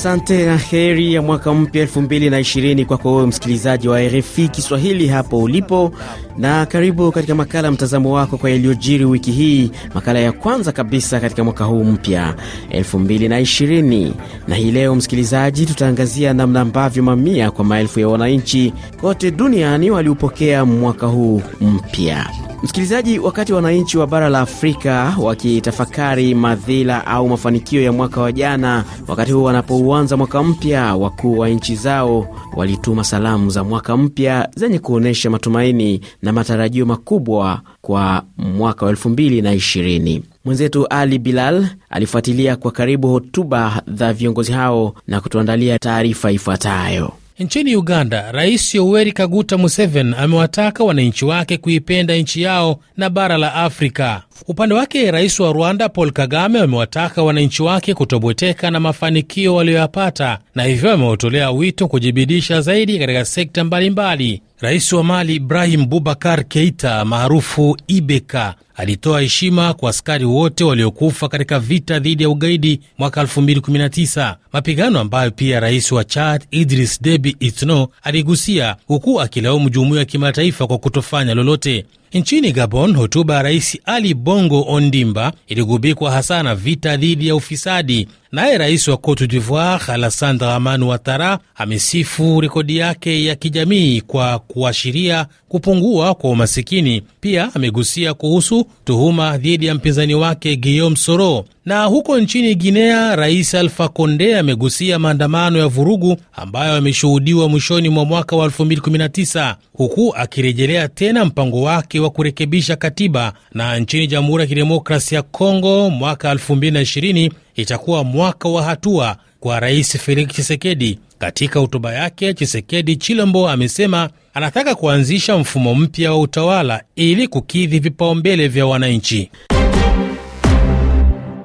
Asante na heri ya mwaka mpya 2020 kwako wewe msikilizaji wa RFI Kiswahili hapo ulipo na karibu katika makala mtazamo wako kwa yaliyojiri wiki hii, makala ya kwanza kabisa katika mwaka huu mpya 2020. Na hii leo, msikilizaji, tutaangazia namna ambavyo mamia kwa maelfu ya wananchi kote duniani waliupokea mwaka huu mpya. Msikilizaji, wakati wananchi wa bara la Afrika wakitafakari madhila au mafanikio ya mwaka wa jana, wakati huu wanapouanza mwaka mpya, wakuu wa nchi zao walituma salamu za mwaka mpya zenye kuonyesha matumaini na na matarajio makubwa kwa mwaka wa elfu ishirini. Mwenzetu Ali Bilal alifuatilia kwa karibu hotuba za viongozi hao na kutuandalia taarifa ifuatayo. Nchini Uganda, Rais Yoweri Kaguta Museveni amewataka wananchi wake kuipenda nchi yao na bara la Afrika. Upande wake rais wa Rwanda Paul Kagame amewataka wananchi wake kutobweteka na mafanikio waliyoyapata, na hivyo ameotolea wito kujibidisha zaidi katika sekta mbalimbali. Rais wa Mali Ibrahim Bubakar Keita maarufu Ibeka alitoa heshima kwa askari wote waliokufa katika vita dhidi ya ugaidi mwaka 2019, mapigano ambayo pia rais wa Chad Idris Deby Itno aligusia, huku akilaumu jumuiya ya kimataifa kwa kutofanya lolote. Nchini Gabon, hotuba ya Rais Ali Bongo Ondimba iligubikwa hasa na vita dhidi ya ufisadi Naye rais wa Cote d'Ivoire Alassane Dramane Ouattara amesifu rekodi yake ya kijamii kwa kuashiria kupungua kwa umasikini. Pia amegusia kuhusu tuhuma dhidi ya mpinzani wake Guillaume Soro. Na huko nchini Guinea, rais Alpha Conde amegusia maandamano ya vurugu ambayo yameshuhudiwa mwishoni mwa mwaka wa 2019 huku akirejelea tena mpango wake wa kurekebisha katiba. Na nchini Jamhuri ya Kidemokrasia ya congo mwaka 2020 itakuwa mwaka wa hatua kwa Rais Felix chisekedi Katika hotuba yake, chisekedi Chilombo amesema anataka kuanzisha mfumo mpya wa utawala ili kukidhi vipaumbele vya wananchi.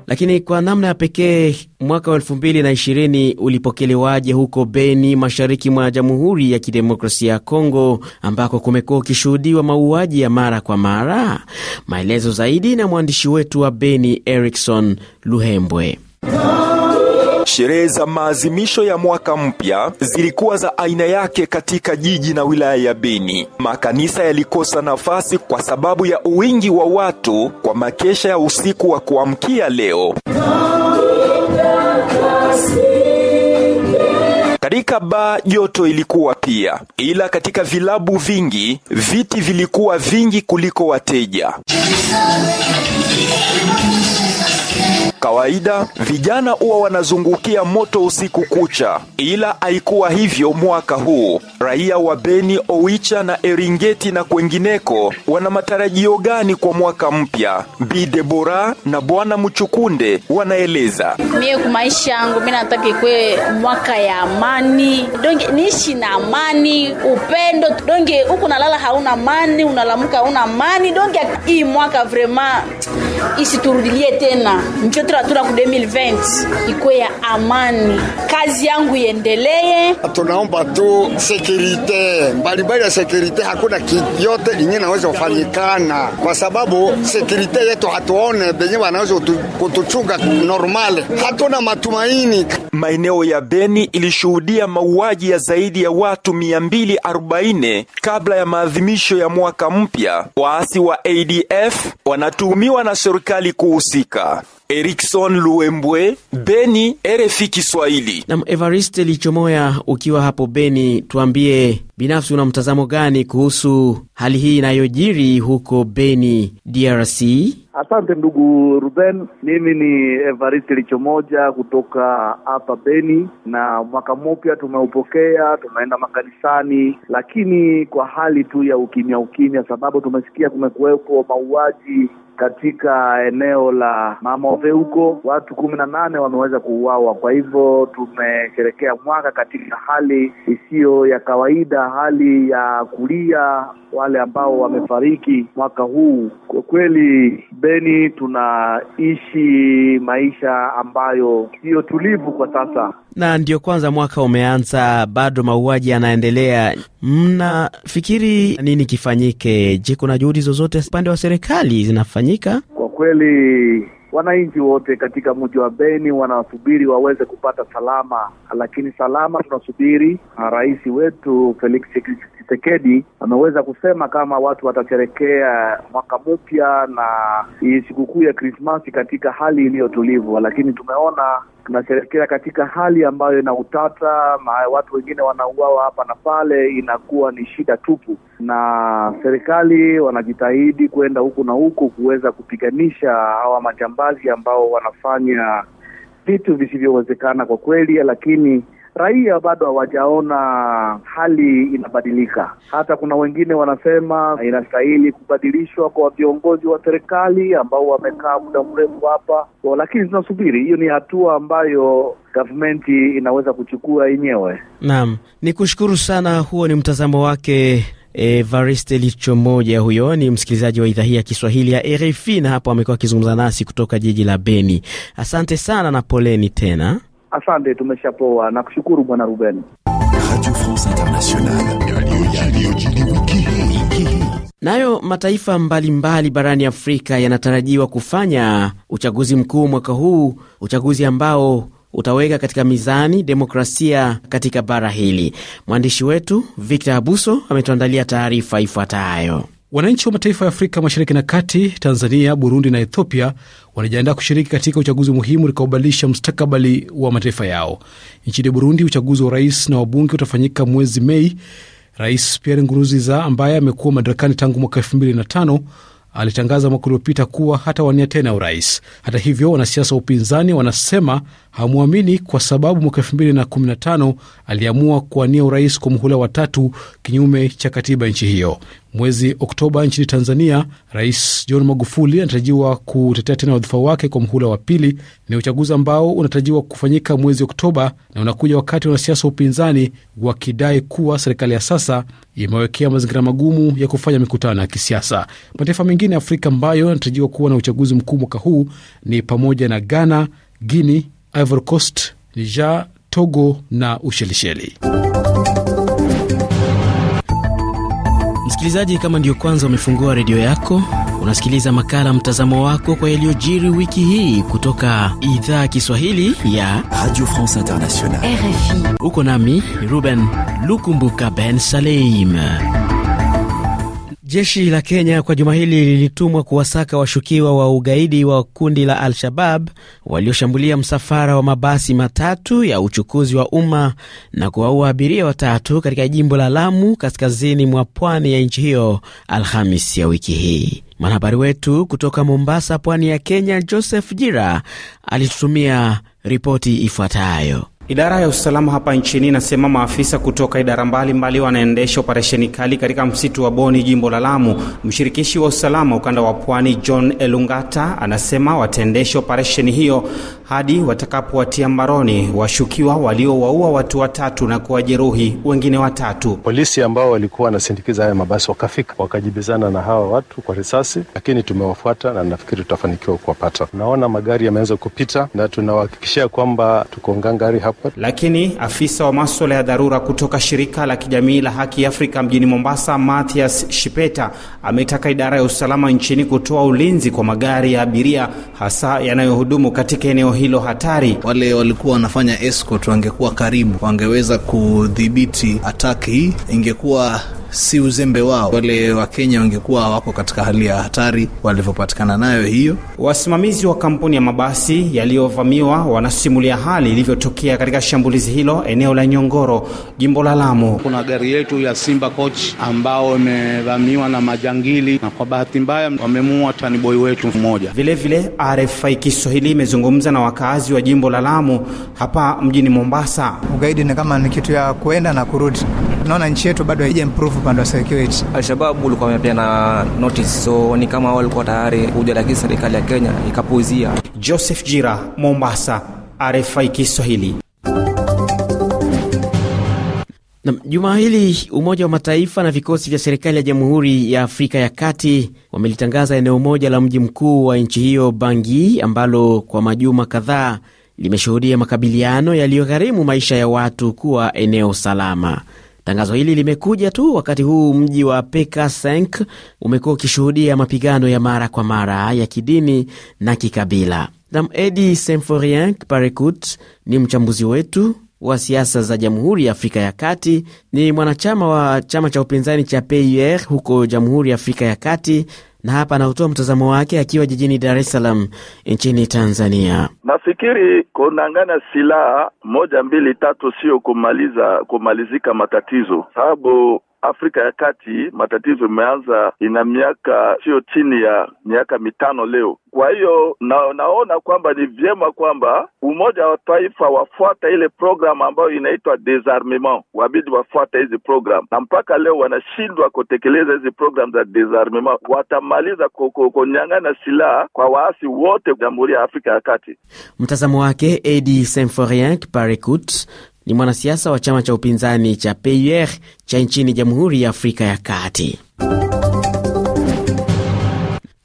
Lakini kwa namna ya pekee mwaka wa elfu mbili na ishirini ulipokelewaje huko Beni, mashariki mwa Jamhuri ya Kidemokrasia ya Kongo, ambako kumekuwa ukishuhudiwa mauaji ya mara kwa mara? Maelezo zaidi na mwandishi wetu wa Beni, Erikson Luhembwe. Sherehe za maazimisho ya mwaka mpya zilikuwa za aina yake katika jiji na wilaya ya Beni. Makanisa yalikosa nafasi kwa sababu ya uwingi wa watu kwa makesha ya usiku wa kuamkia leo. Katika baa joto ilikuwa pia, ila katika vilabu vingi viti vilikuwa vingi kuliko wateja kawaida vijana huwa wanazungukia moto usiku kucha, ila haikuwa hivyo mwaka huu. Raia wa Beni, owicha na Eringeti na kwengineko wana matarajio gani kwa mwaka mpya? Bi Debora na Bwana Mchukunde wanaeleza. Mie maisha yangu mi nataka ikwe mwaka ya amani, donge niishi na amani, upendo, donge huku nalala hauna amani, unalamuka hauna amani, donge hii mwaka vrema isiturudilie tena, njo tunatura ku 2020 ikwe ya amani, kazi yangu iendelee. Tunaomba tu sekirite mbalimbali ya sekirite, hakuna kiyote inye naweza kufanyikana kwa sababu sekirite yetu hatuone benye wanaweza kutuchunga normale, hatuna matumaini maeneo ya Beni ilishuhudia mauaji ya zaidi ya watu 240 kabla ya maadhimisho ya mwaka mpya. Waasi wa ADF wanatuhumiwa na serikali kuhusika. Erikson Luembwe, Beni, RFI Kiswahili. Nam Evariste Lichomoya, ukiwa hapo Beni, tuambie Binafsi una mtazamo gani kuhusu hali hii inayojiri huko Beni, DRC? Asante ndugu Ruben, mimi ni Evaristi Lichomoja kutoka hapa Beni, na mwaka mpya tumeupokea, tumeenda makanisani, lakini kwa hali tu ya ukimya ukimya, sababu tumesikia kumekuwepo mauaji katika eneo la Mamove huko watu kumi na nane wameweza kuuawa. Kwa hivyo tumesherekea mwaka katika hali isiyo ya kawaida, hali ya kulia wale ambao wamefariki mwaka huu. Kwa kweli, Beni tunaishi maisha ambayo siyo tulivu kwa sasa na ndio kwanza mwaka umeanza, bado mauaji yanaendelea. Mnafikiri nini kifanyike? Je, kuna juhudi zozote upande wa serikali zinafanyika? Kwa kweli wananchi wote katika mji wa Beni wanasubiri waweze kupata salama, lakini salama tunasubiri. Rais wetu Felix Tshisekedi ameweza kusema kama watu watasherekea mwaka mpya na hii sikukuu ya Krismasi katika hali iliyotulivu, lakini tumeona tunasherekea katika hali ambayo ina utata, watu wengine wanauawa hapa na pale, inakuwa ni shida tupu, na serikali wanajitahidi kwenda huku na huku kuweza kupiganisha hawa majambazi ambao wanafanya vitu visivyowezekana kwa kweli, lakini raia bado hawajaona hali inabadilika. Hata kuna wengine wanasema inastahili kubadilishwa kwa viongozi wa serikali ambao wamekaa muda mrefu hapa, lakini tunasubiri. Hiyo ni hatua ambayo gavmenti inaweza kuchukua yenyewe. Naam, ni kushukuru sana. Huo ni mtazamo wake Evariste moja Huyo ni msikilizaji wa idhaa hii ya Kiswahili ya RFI, na hapo amekuwa akizungumza nasi kutoka jiji la Beni. Asante sana na poleni tena. Asante, tumeshapoa na kushukuru bwana Ruben. Radio France Internationale, Nayo mataifa mbalimbali mbali barani Afrika yanatarajiwa kufanya uchaguzi mkuu mwaka huu, uchaguzi ambao utaweka katika mizani demokrasia katika bara hili. Mwandishi wetu Victor Abuso ametuandalia taarifa ifuatayo. Wananchi wa mataifa ya Afrika Mashariki na Kati, Tanzania, Burundi na Ethiopia wanajiandaa kushiriki katika uchaguzi muhimu utakaobadilisha mustakabali wa mataifa yao. Nchini Burundi, uchaguzi wa rais na wabunge utafanyika mwezi Mei. Rais Pierre Nkurunziza ambaye amekuwa madarakani tangu mwaka elfu mbili na tano alitangaza mwaka uliopita kuwa hatawania tena urais. Hata hivyo, wanasiasa wa upinzani wanasema hamwamini kwa sababu mwaka elfu mbili na kumi na tano aliamua kuwania urais kwa muhula wa tatu kinyume cha katiba nchi hiyo. Mwezi Oktoba nchini Tanzania, Rais John Magufuli anatarajiwa kutetea tena wadhifa wake kwa mhula wa pili. Ni uchaguzi ambao unatarajiwa kufanyika mwezi Oktoba na unakuja wakati wanasiasa wa upinzani wakidai kuwa serikali ya sasa imewekea mazingira magumu ya kufanya mikutano ya kisiasa. Mataifa mengine ya Afrika ambayo yanatarajiwa kuwa na uchaguzi mkuu mwaka huu ni pamoja na Ghana, Guinea, Ivory Coast, Niger, Togo na Ushelisheli. Msikilizaji, kama ndiyo kwanza umefungua redio yako, unasikiliza makala mtazamo wako kwa yaliyojiri wiki hii kutoka idhaa ya Kiswahili ya Radio France Internationale, RFI. Uko nami Ruben Lukumbuka Ben Saleim. Jeshi la Kenya kwa juma hili lilitumwa kuwasaka washukiwa wa ugaidi wa kundi la Al-Shabab walioshambulia msafara wa mabasi matatu ya uchukuzi wa umma na kuwaua abiria watatu katika jimbo la Lamu, kaskazini mwa pwani ya nchi hiyo, Alhamis ya wiki hii. Mwanahabari wetu kutoka Mombasa, pwani ya Kenya, Joseph Jira alitutumia ripoti ifuatayo. Idara ya usalama hapa nchini inasema maafisa kutoka idara mbalimbali wanaendesha operesheni kali katika msitu wa Boni, jimbo la Lamu. Mshirikishi wa usalama ukanda wa Pwani, John Elungata, anasema wataendesha operesheni hiyo hadi watakapowatia mbaroni washukiwa waliowaua watu watatu na kuwajeruhi wengine watatu. Polisi ambao walikuwa wanasindikiza haya mabasi wakafika, wakajibizana na hawa watu kwa risasi, lakini tumewafuata na nafikiri tutafanikiwa kuwapata. Tunaona magari yameanza kupita na tunawahakikishia kwamba tuko ngangari hapa lakini afisa wa maswala ya dharura kutoka shirika la kijamii la Haki Afrika mjini Mombasa, Mathias Shipeta, ametaka idara ya usalama nchini kutoa ulinzi kwa magari ya abiria hasa yanayohudumu katika eneo hilo hatari. Wale walikuwa wanafanya escort wangekuwa karibu, wangeweza kudhibiti ataki hii ingekuwa si uzembe wao, wale Wakenya wangekuwa wako katika hali ya hatari walivyopatikana nayo hiyo. Wasimamizi wa kampuni ya mabasi yaliyovamiwa wanasimulia hali ilivyotokea katika shambulizi hilo eneo la Nyongoro, jimbo la Lamu. Kuna gari yetu ya Simba Coach ambao imevamiwa na majangili, na kwa bahati mbaya wamemuua taniboi wetu mmoja. Vilevile RFI Kiswahili imezungumza na wakazi wa jimbo la Lamu hapa mjini Mombasa. Ugaidi ni kama ni kitu ya kuenda na kurudi. Naona nchi yetu bado haija improve upande wa security. Alshababu walikuwa na notice, so ni kama walikuwa tayari kuja, lakini serikali ya Kenya ikapuuzia. Joseph Jira, Mombasa, RFI Kiswahili. Na juma hili Umoja wa Mataifa na vikosi vya serikali ya Jamhuri ya Afrika ya Kati wamelitangaza eneo moja la mji mkuu wa nchi hiyo Bangui, ambalo kwa majuma kadhaa limeshuhudia makabiliano yaliyogharimu maisha ya watu kuwa eneo salama. Tangazo hili limekuja tu wakati huu mji wa Pekasenk umekuwa ukishuhudia mapigano ya mara kwa mara ya kidini na kikabila. Nam Edi Semforien Parekut ni mchambuzi wetu wa siasa za Jamhuri ya Afrika ya Kati, ni mwanachama wa chama cha upinzani cha PUR huko Jamhuri ya Afrika ya Kati na hapa anautoa mtazamo wake akiwa jijini Dar es Salaam nchini Tanzania. Nafikiri kunang'ana silaha moja mbili tatu sio kumaliza kumalizika matatizo, sababu Afrika ya Kati matatizo imeanza ina miaka siyo chini ya miaka mitano leo. Kwa hiyo na, naona kwamba ni vyema kwamba Umoja wa Taifa wafuata ile programu ambayo inaitwa desarmema wabidi wafuata hizi programu, na mpaka leo wanashindwa kutekeleza hizi programu za desarmema Watamaliza kunyang'ana silaha kwa waasi wote Jamhuri ya Afrika ya Kati. Mtazamo wake Edi Semforien Parekut ni mwanasiasa wa chama cha upinzani cha PUR cha nchini Jamhuri ya Afrika ya Kati.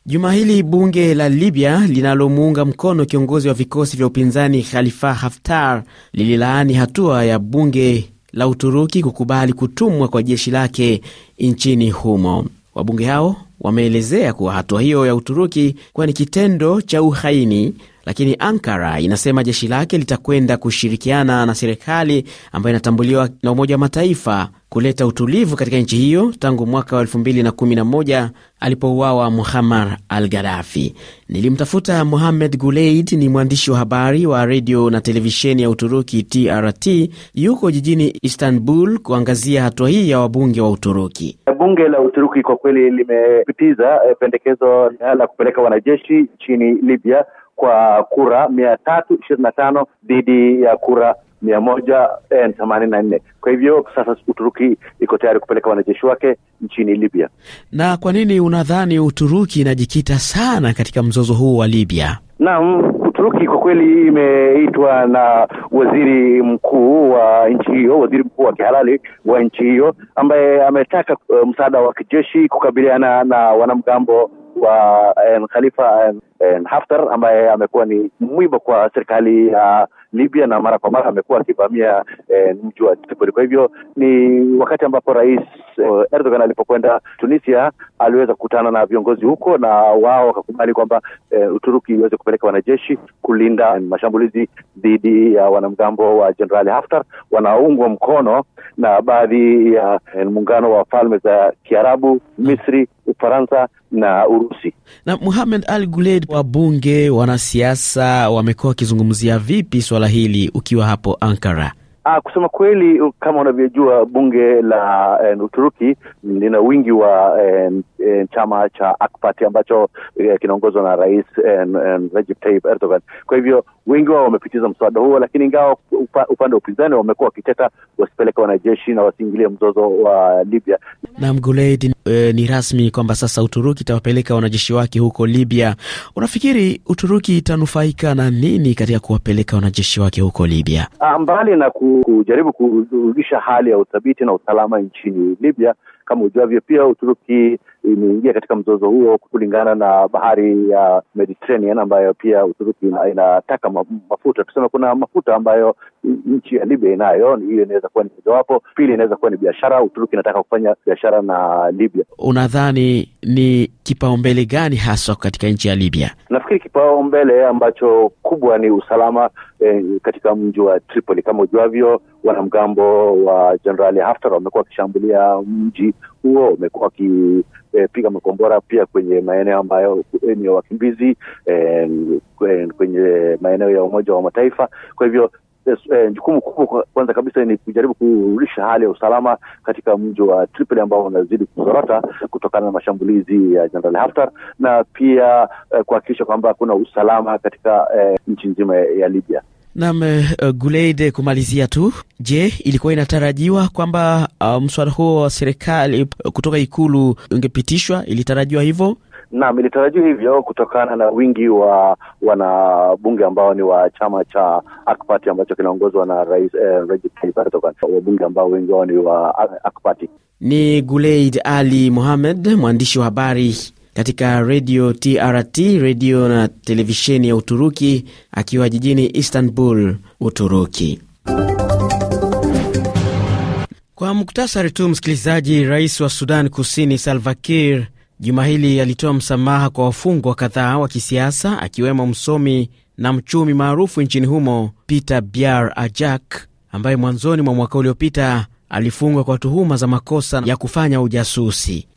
Juma hili bunge la Libya linalomuunga mkono kiongozi wa vikosi vya upinzani Khalifa Haftar lililaani hatua ya bunge la Uturuki kukubali kutumwa kwa jeshi lake nchini humo. Wabunge hao wameelezea kuwa hatua hiyo ya Uturuki kuwa ni kitendo cha uhaini lakini Ankara inasema jeshi lake litakwenda kushirikiana na serikali ambayo inatambuliwa na Umoja wa Mataifa kuleta utulivu katika nchi hiyo tangu mwaka wa 2011 alipouawa Muhammar al Gaddafi. Nilimtafuta Mohamed Guleid, ni mwandishi wa habari wa redio na televisheni ya Uturuki TRT, yuko jijini Istanbul kuangazia hatua hii ya wabunge wa Uturuki. Bunge la Uturuki kwa kweli limepitiza eh, pendekezo la kupeleka wanajeshi nchini Libya kwa kura mia tatu ishirini na tano dhidi ya kura mia moja eh, themanini na nne. Kwa hivyo sasa Uturuki iko tayari kupeleka wanajeshi wake nchini Libya. Na kwa nini unadhani Uturuki inajikita sana katika mzozo huu wa Libya? Naam, Uturuki kwa kweli imeitwa na waziri mkuu wa nchi hiyo, waziri mkuu wa kihalali wa nchi hiyo ambaye ametaka uh, msaada wa kijeshi kukabiliana na wanamgambo wa uh, Khalifa uh, Haftar ambaye amekuwa ni mwiba kwa serikali ya uh, Libya na mara kwa mara amekuwa akivamia eh, mji wa Tripoli. Kwa hivyo ni wakati ambapo rais eh, Erdogan alipokwenda Tunisia aliweza kukutana na viongozi huko na wao wakakubali kwamba eh, Uturuki iweze kupeleka wanajeshi kulinda eh, mashambulizi dhidi ya uh, wanamgambo wa Jenerali Haftar wanaoungwa mkono na baadhi ya uh, muungano wa falme za Kiarabu, Misri, Ufaransa na Urusi. Na Muhamed Al Guled, wabunge, wanasiasa wamekuwa wakizungumzia vipi swala swala hili ukiwa hapo Ankara? Ah, kusema kweli, kama unavyojua bunge la en, eh, Uturuki lina wingi wa en, eh, e, chama cha Akpat ambacho e, kinaongozwa na Rais eh, Recep Tayyip Erdogan. Kwa hivyo wengi wao wamepitiza mswada huo, lakini ingawa upa, upande wa upinzani wamekuwa wakiteta wasipeleke wanajeshi na wasiingilie mzozo wa Libya. Naam, Guleid, e, ni rasmi kwamba sasa Uturuki itawapeleka wanajeshi wake huko Libya. Unafikiri Uturuki itanufaika na nini katika kuwapeleka wanajeshi wake huko Libya? Ah, mbali na kujaribu kurudisha hali ya uthabiti na usalama nchini Libya kama ujuavyo, pia Uturuki imeingia katika mzozo huo kulingana na bahari ya Mediterranean ambayo pia Uturuki inataka mafuta. Tuseme kuna mafuta ambayo nchi ya Libya inayo. Hiyo inaweza kuwa ni mojawapo. Pili, inaweza kuwa ni biashara. Uturuki inataka kufanya biashara na Libya. Unadhani ni kipaumbele gani haswa katika nchi ya Libya? Nafikiri kipaumbele ambacho kubwa ni usalama eh, katika mji wa Tripoli. Kama ujuavyo, wanamgambo wa Jenerali Haftar wamekuwa wakishambulia mji huo, wamekuwa wakipiga eh, makombora pia kwenye maeneo ambayo eh, ni ya wakimbizi eh, kwenye maeneo ya Umoja wa Mataifa. Kwa hivyo Eh, jukumu kubwa kwanza kabisa ni kujaribu kurudisha hali ya usalama katika mji wa Tripoli ambao unazidi kuzorota kutokana na mashambulizi ya General Haftar na pia eh, kuhakikisha kwamba kuna usalama katika eh, nchi nzima ya Libya. Nam uh, eh, Guleide, kumalizia tu, je, ilikuwa inatarajiwa kwamba uh, mswada huo wa serikali kutoka ikulu ungepitishwa? Ilitarajiwa hivyo? Naam, ilitarajiwa hivyo kutokana na wingi wa wanabunge ambao ni wa chama cha Akpati ambacho kinaongozwa na Rais eh, Recep Tayyip Erdogan, wabunge ambao wengi wao ni wa Akpati. Ni Guleid Ali Mohamed, mwandishi wa habari katika redio TRT, redio na televisheni ya Uturuki, akiwa jijini Istanbul, Uturuki. Kwa muktasari tu, msikilizaji, rais wa Sudan Kusini Salva Kiir Juma hili alitoa msamaha kwa wafungwa kadhaa wa kisiasa akiwemo msomi na mchumi maarufu nchini humo Peter Biar Ajak ambaye mwanzoni mwa mwaka uliopita alifungwa kwa tuhuma za makosa ya kufanya ujasusi.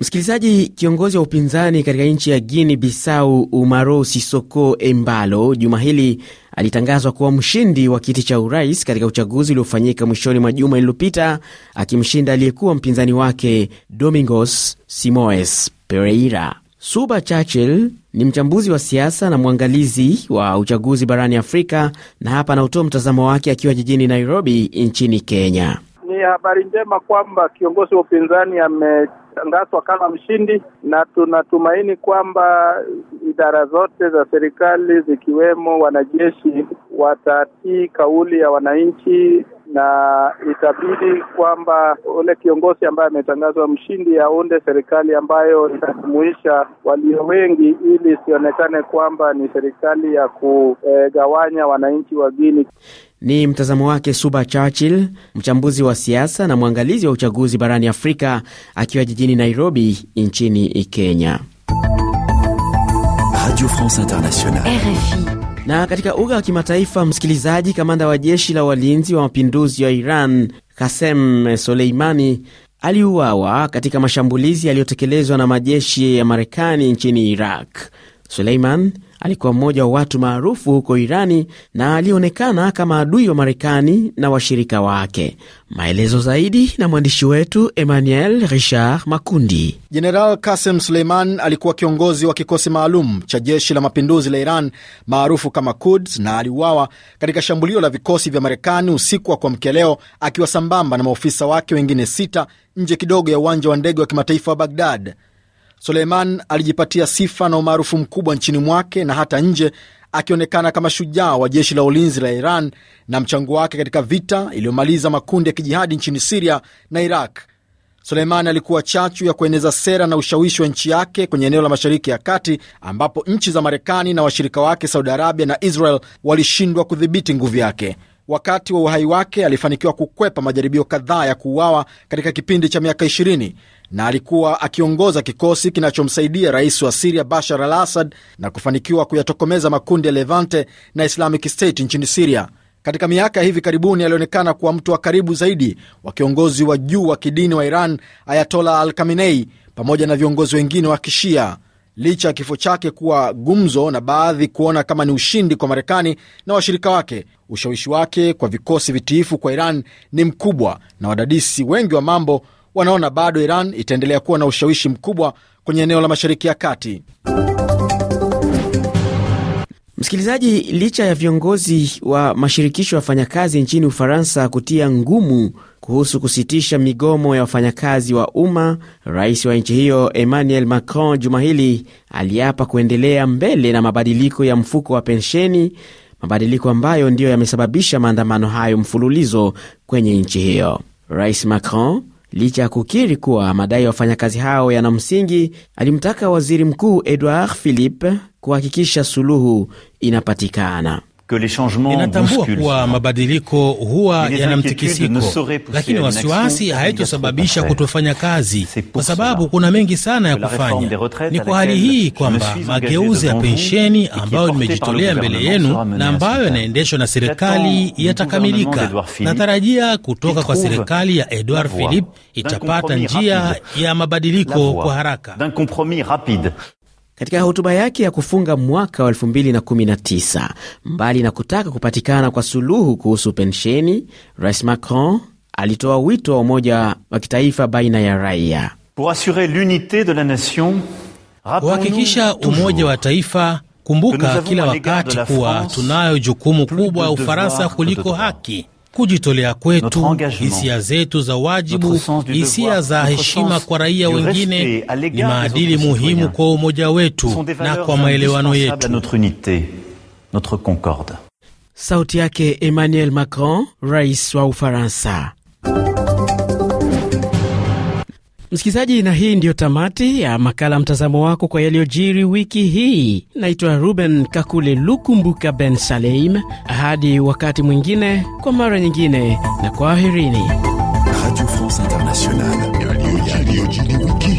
Msikilizaji, kiongozi wa upinzani katika nchi ya Guini bisau Umaro Sisoko Embalo juma hili alitangazwa kuwa mshindi wa kiti cha urais katika uchaguzi uliofanyika mwishoni mwa juma lililopita, akimshinda aliyekuwa mpinzani wake Domingos Simoes Pereira. Suba Churchill ni mchambuzi wa siasa na mwangalizi wa uchaguzi barani Afrika, na hapa anautoa mtazamo wake akiwa jijini Nairobi nchini Kenya. Ni habari njema kwamba kiongozi wa upinzani ame ametangazwa kama mshindi, na tunatumaini kwamba idara zote za serikali zikiwemo wanajeshi watatii kauli ya wananchi na itabidi kwamba ule kiongozi ambaye ametangazwa mshindi aunde serikali ambayo itajumuisha walio wengi, ili isionekane kwamba ni serikali ya kugawanya wananchi wageni ni mtazamo wake Suba Churchill, mchambuzi wa siasa na mwangalizi wa uchaguzi barani Afrika, akiwa jijini Nairobi nchini Kenya. Radio France Internationale, RFI. Na katika uga wa kimataifa, msikilizaji, kamanda wa jeshi la walinzi wa mapinduzi wa Iran Kasem Soleimani aliuawa katika mashambulizi yaliyotekelezwa na majeshi ya Marekani nchini Iraq. Suleiman alikuwa mmoja wa watu maarufu huko Irani na alionekana kama adui wa Marekani na washirika wake. Maelezo zaidi na mwandishi wetu Emmanuel Richard Makundi. Jeneral Kasem Suleiman alikuwa kiongozi wa kikosi maalum cha jeshi la mapinduzi la Iran maarufu kama Kuds na aliuawa katika shambulio la vikosi vya Marekani usiku wa kuamkia leo akiwa sambamba na maofisa wake wengine sita nje kidogo ya uwanja wa ndege wa kimataifa wa Bagdad. Suleiman alijipatia sifa na umaarufu mkubwa nchini mwake na hata nje, akionekana kama shujaa wa jeshi la ulinzi la Iran na mchango wake katika vita iliyomaliza makundi ya kijihadi nchini Siria na Iraq. Suleiman alikuwa chachu ya kueneza sera na ushawishi wa nchi yake kwenye eneo la Mashariki ya Kati, ambapo nchi za Marekani na washirika wake Saudi Arabia na Israel walishindwa kudhibiti nguvu yake. Wakati wa uhai wake alifanikiwa kukwepa majaribio kadhaa ya kuuawa katika kipindi cha miaka 20 na alikuwa akiongoza kikosi kinachomsaidia rais wa Siria Bashar al Assad na kufanikiwa kuyatokomeza makundi ya Levante na Islamic State nchini Siria. Katika miaka ya hivi karibuni alionekana kuwa mtu wa karibu zaidi wa kiongozi wa juu wa kidini wa Iran Ayatola al Khamenei pamoja na viongozi wengine wa Kishia, licha ya kifo chake kuwa gumzo na baadhi kuona kama ni ushindi kwa Marekani na washirika wake. Ushawishi wake kwa vikosi vitiifu kwa Iran ni mkubwa, na wadadisi wengi wa mambo wanaona bado Iran itaendelea kuwa na ushawishi mkubwa kwenye eneo la Mashariki ya Kati. Msikilizaji, licha ya viongozi wa mashirikisho ya wafanyakazi nchini Ufaransa kutia ngumu kuhusu kusitisha migomo ya wafanyakazi wa umma, rais wa nchi hiyo Emmanuel Macron juma hili aliapa kuendelea mbele na mabadiliko ya mfuko wa pensheni, mabadiliko ambayo ndiyo yamesababisha maandamano hayo mfululizo kwenye nchi hiyo. Rais Macron licha ya kukiri kuwa madai ya wafanyakazi hao yana msingi. Alimtaka waziri mkuu Edouard Philippe kuhakikisha suluhu inapatikana. Inatambua kuwa mabadiliko huwa yana mtikisiko, lakini wasiwasi haitosababisha kutofanya kazi, kwa sababu kuna mengi sana ya kufanya. Ni kwa hali hii kwamba mageuzi ya pensheni ambayo nimejitolea mbele yenu na ambayo yanaendeshwa na serikali yatakamilika. Natarajia kutoka kwa serikali ya Edouard Philippe itapata njia ya mabadiliko kwa haraka. Katika hotuba yake ya kufunga mwaka wa 2019 mbali na kutaka kupatikana kwa suluhu kuhusu pensheni, Rais Macron alitoa wito wa umoja wa kitaifa baina ya raia kuhakikisha umoja wa taifa. Kumbuka kila wakati kuwa tunayo jukumu kubwa ya Ufaransa kuliko haki Kujitolea kwetu, hisia zetu za wajibu, hisia za heshima kwa raia wengine ni maadili muhimu kwa umoja wetu na kwa maelewano yetu. Sauti yake Emmanuel Macron, rais wa Ufaransa. Msikilizaji, na hii ndiyo tamati ya makala mtazamo wako kwa yaliyojiri wiki hii. Naitwa Ruben Kakule Lukumbuka Ben Saleim. Hadi wakati mwingine, kwa mara nyingine, na kwaherini. Radio France Internationale.